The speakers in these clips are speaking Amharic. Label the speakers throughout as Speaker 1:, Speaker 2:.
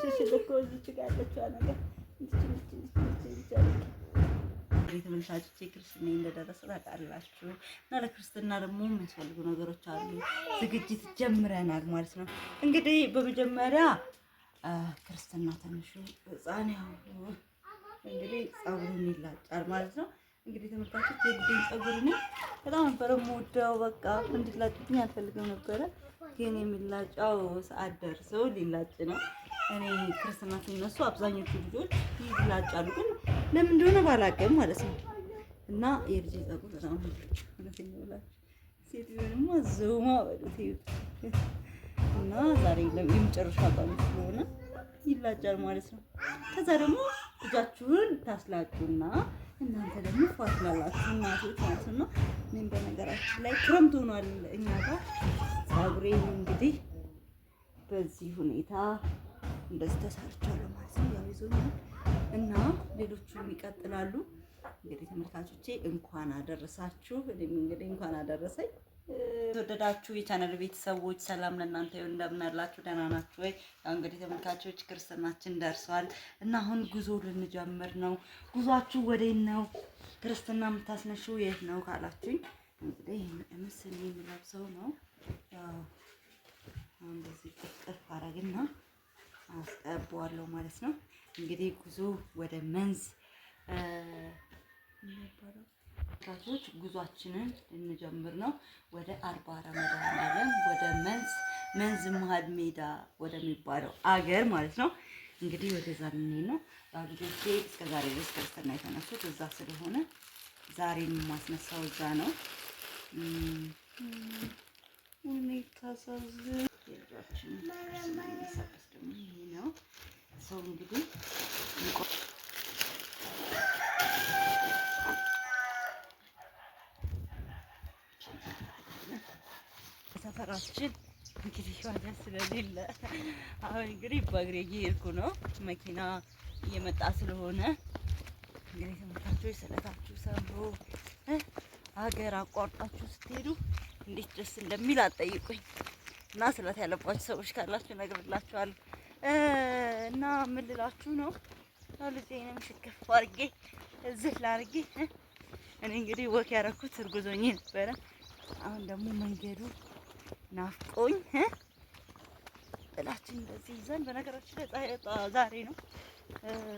Speaker 1: ሽሽል እኮ ክርስትና እንደደረሰ ታውቃላችሁ እና ለክርስትና ደግሞ የሚያስፈልጉ ነገሮች አሉ። ዝግጅት ጀምረናል ማለት ነው። እንግዲህ በመጀመሪያ ክርስትና ትንሹ ሕፃን ያው እንግዲህ ፀጉሩን ይላጫል ማለት ነው። እንግዲህ ተመልካቾች የልጅን ፀጉር ነው በጣም ነበረ የምወደው። በቃ እንዲላጭብኝ አልፈልግም ነበረ፣ ግን የሚላጫው ሰዓት ደርሰው ሊላጭ ነው። እኔ ክርስትና ሲነሱ አብዛኞቹ ልጆች ይላጫሉ፣ ግን ለምን እንደሆነ ባላውቅም ማለት ነው። እና የልጅ ጸጉር በጣም ሴት ደግሞ ዞማ በሉት እና ዛሬ የመጨረሻ ቀኑ ስለሆነ ይላጫል ማለት ነው። ከዛ ደግሞ ልጃችሁን ታስላጩና እናንተ ደግሞ ፋትላላችሁ እናቶች ማለት ነው። እኔም በነገራችን ላይ ክረምት ሆኗል እኛ ጋር ጸጉሬ እንግዲህ በዚህ ሁኔታ እንደዚህ ተሰርቻለሁ ማለት ነው። ያው ይዞኛል እና ሌሎቹም ይቀጥላሉ። እንግዲህ ተመልካቾቼ እንኳን አደረሳችሁ። እኔም እንግዲህ እንኳን አደረሰኝ። የተወደዳችሁ የቻነል ቤተሰቦች ሰላም ለእናንተ ይሁን። እንደምን አላችሁ? ደህና ናችሁ ወይ? ያው እንግዲህ ተመልካቾች ክርስትናችን ደርሰዋል እና አሁን ጉዞ ልንጀምር ነው። ጉዟችሁ ወዴት ነው? ክርስትና የምታስነሹ የት ነው ካላችሁኝ እንግዲህ ምስል የምለብሰው ነው ያው እንደዚህ ቅርቅር አረግና አስቀባዋለሁ ማለት ነው። እንግዲህ ጉዞ ወደ መንዝ ራሶች ጉዟችንን ልንጀምር ነው። ወደ አርባ ረመዳን አለም ወደ መንዝ መንዝ መሀል ሜዳ ወደሚባለው አገር ማለት ነው። እንግዲህ ወደዛ ምንሄድ ነው። ልጆቼ እስከዛሬ ድረስ ክርስትና የተነሱት እዛ ስለሆነ ዛሬ የማስነሳው እዛ ነው። ሁኔታ ሳዝን ረብሽ የሚሰበስ ደግሞ ነው። ሰው እንግዲህ ሰፈራችን እንግዲህ ዋጋ ስለሌለ አሁን እንግዲህ በእግሬ እየሄድኩ ነው። መኪና እየመጣ ስለሆነ እንግዲህ ትምህርታችሁ ስለታችሁ ሰምሮ ሀገር አቋርጣችሁ ስትሄዱ እንዴት ደስ እንደሚል አጠይቁኝ። እና ስለት ያለባችሁ ሰዎች ካላችሁ እነግርላችኋለሁ። እና ምን ልላችሁ ነው ልጄንም ሽክፍ አድርጌ እዚህ ላድርጌ። እኔ እንግዲህ ወክ ያደረኩት እርጉዞኝ ነበረ። አሁን ደግሞ መንገዱ ናፍቆኝ ጥላችን እንደዚህ ይዘን፣ በነገራችን ላይ ዛሬ ነው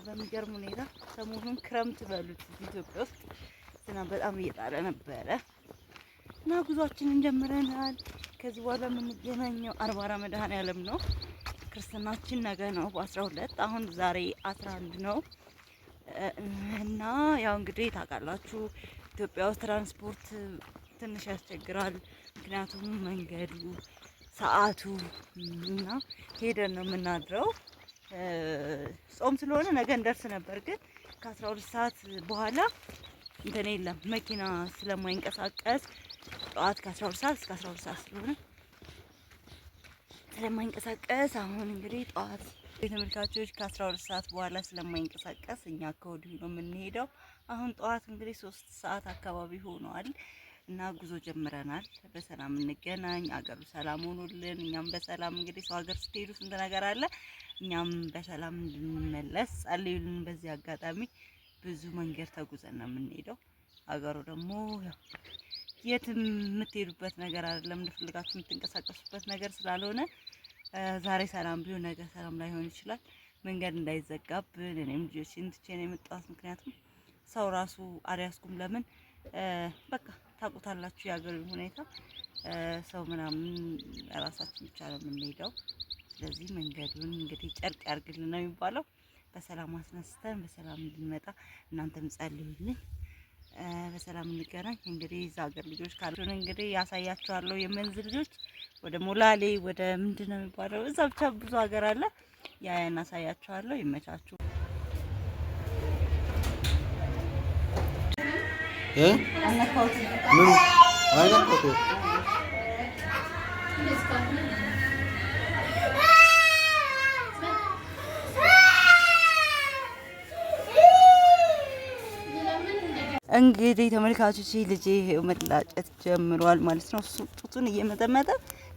Speaker 1: በሚገርም ሁኔታ ሰሞኑን ክረምት በሉት ኢትዮጵያ ውስጥ ዝናብ በጣም እየጣለ ነበረ እና ጉዟችንን ጀምረናል። ከዚህ በኋላ የምንገናኘው አርባራ ያለም ነው። ክርስትናችን ነገ ነው በአስራ ሁለት አሁን ዛሬ አስራ አንድ ነው እና ያው እንግዲህ ታውቃላችሁ ኢትዮጵያ ውስጥ ትራንስፖርት ትንሽ ያስቸግራል። ምክንያቱም መንገዱ፣ ሰዓቱ እና ሄደን ነው የምናድረው። ጾም ስለሆነ ነገ እንደርስ ነበር ግን ከአስራ ሁለት ሰዓት በኋላ እንትን የለም መኪና ስለማይንቀሳቀስ ጠዋት ከ12 ሰዓት እስከ 12 ሰዓት ስለሆነ ስለማይንቀሳቀስ አሁን እንግዲህ ጠዋት የተመልካቾች ከ12 ሰዓት በኋላ ስለማይንቀሳቀስ እኛ ከወዲሁ ነው የምንሄደው። አሁን ጠዋት እንግዲህ ሶስት ሰዓት አካባቢ ሆኗል እና ጉዞ ጀምረናል። በሰላም እንገናኝ፣ አገሩ ሰላም ሆኖልን፣ እኛም በሰላም እንግዲህ ሰው ሀገር ስትሄዱ ስንት ነገር አለ። እኛም በሰላም እንድንመለስ ጸልዩልን። በዚህ አጋጣሚ ብዙ መንገድ ተጉዘን ነው የምንሄደው። አገሩ ደግሞ የትም የምትሄዱበት ነገር አይደለም፣ እንደፈለጋችሁ የምትንቀሳቀሱበት ነገር ስላልሆነ ዛሬ ሰላም ቢሆን ነገ ሰላም ላይሆን ይችላል። መንገድ እንዳይዘጋብን እኔም ልጆችን ትቼ ነው የመጣሁት። ምክንያቱም ሰው ራሱ አልያዝኩም። ለምን በቃ ታውቁታላችሁ፣ የሀገር ሁኔታ ሰው ምናምን ራሳችን ብቻ ነው የምንሄደው። ስለዚህ መንገዱን እንግዲህ ጨርቅ ያርግልን ነው የሚባለው። በሰላም አስነስተን በሰላም እንድንመጣ እናንተም ጸልዩልኝ። በሰላም እንገናኝ። እንግዲህ እዛ ሀገር ልጆች ካሉን እንግዲህ ያሳያችኋለሁ። የመንዝ ልጆች ወደ ሞላሌ ወደ ምንድን ነው የሚባለው እዛ ብቻ ብዙ ሀገር አለ። ያ ያን አሳያችኋለሁ። ይመቻችሁ። ምን አይነት ፎቶ እንግዲህ ተመልካቾች ልጅ መላጨት ጀምሯል ማለት ነው። እሱ ጡቱን እየመጠመጠ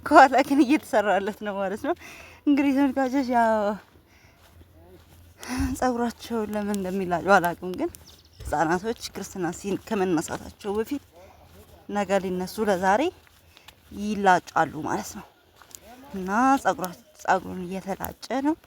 Speaker 1: ከኋላ ግን እየተሰራለት ነው ማለት ነው። እንግዲህ ተመልካቾች ያው ጸጉራቸውን ለምን እንደሚላጩ አላውቅም፣ ግን ህጻናቶች ክርስትና ሲን ከመነሳታቸው በፊት ነገ ሊነሱ ለዛሬ ይላጫሉ ማለት ነው እና ጸጉሩን እየተላጨ ነው።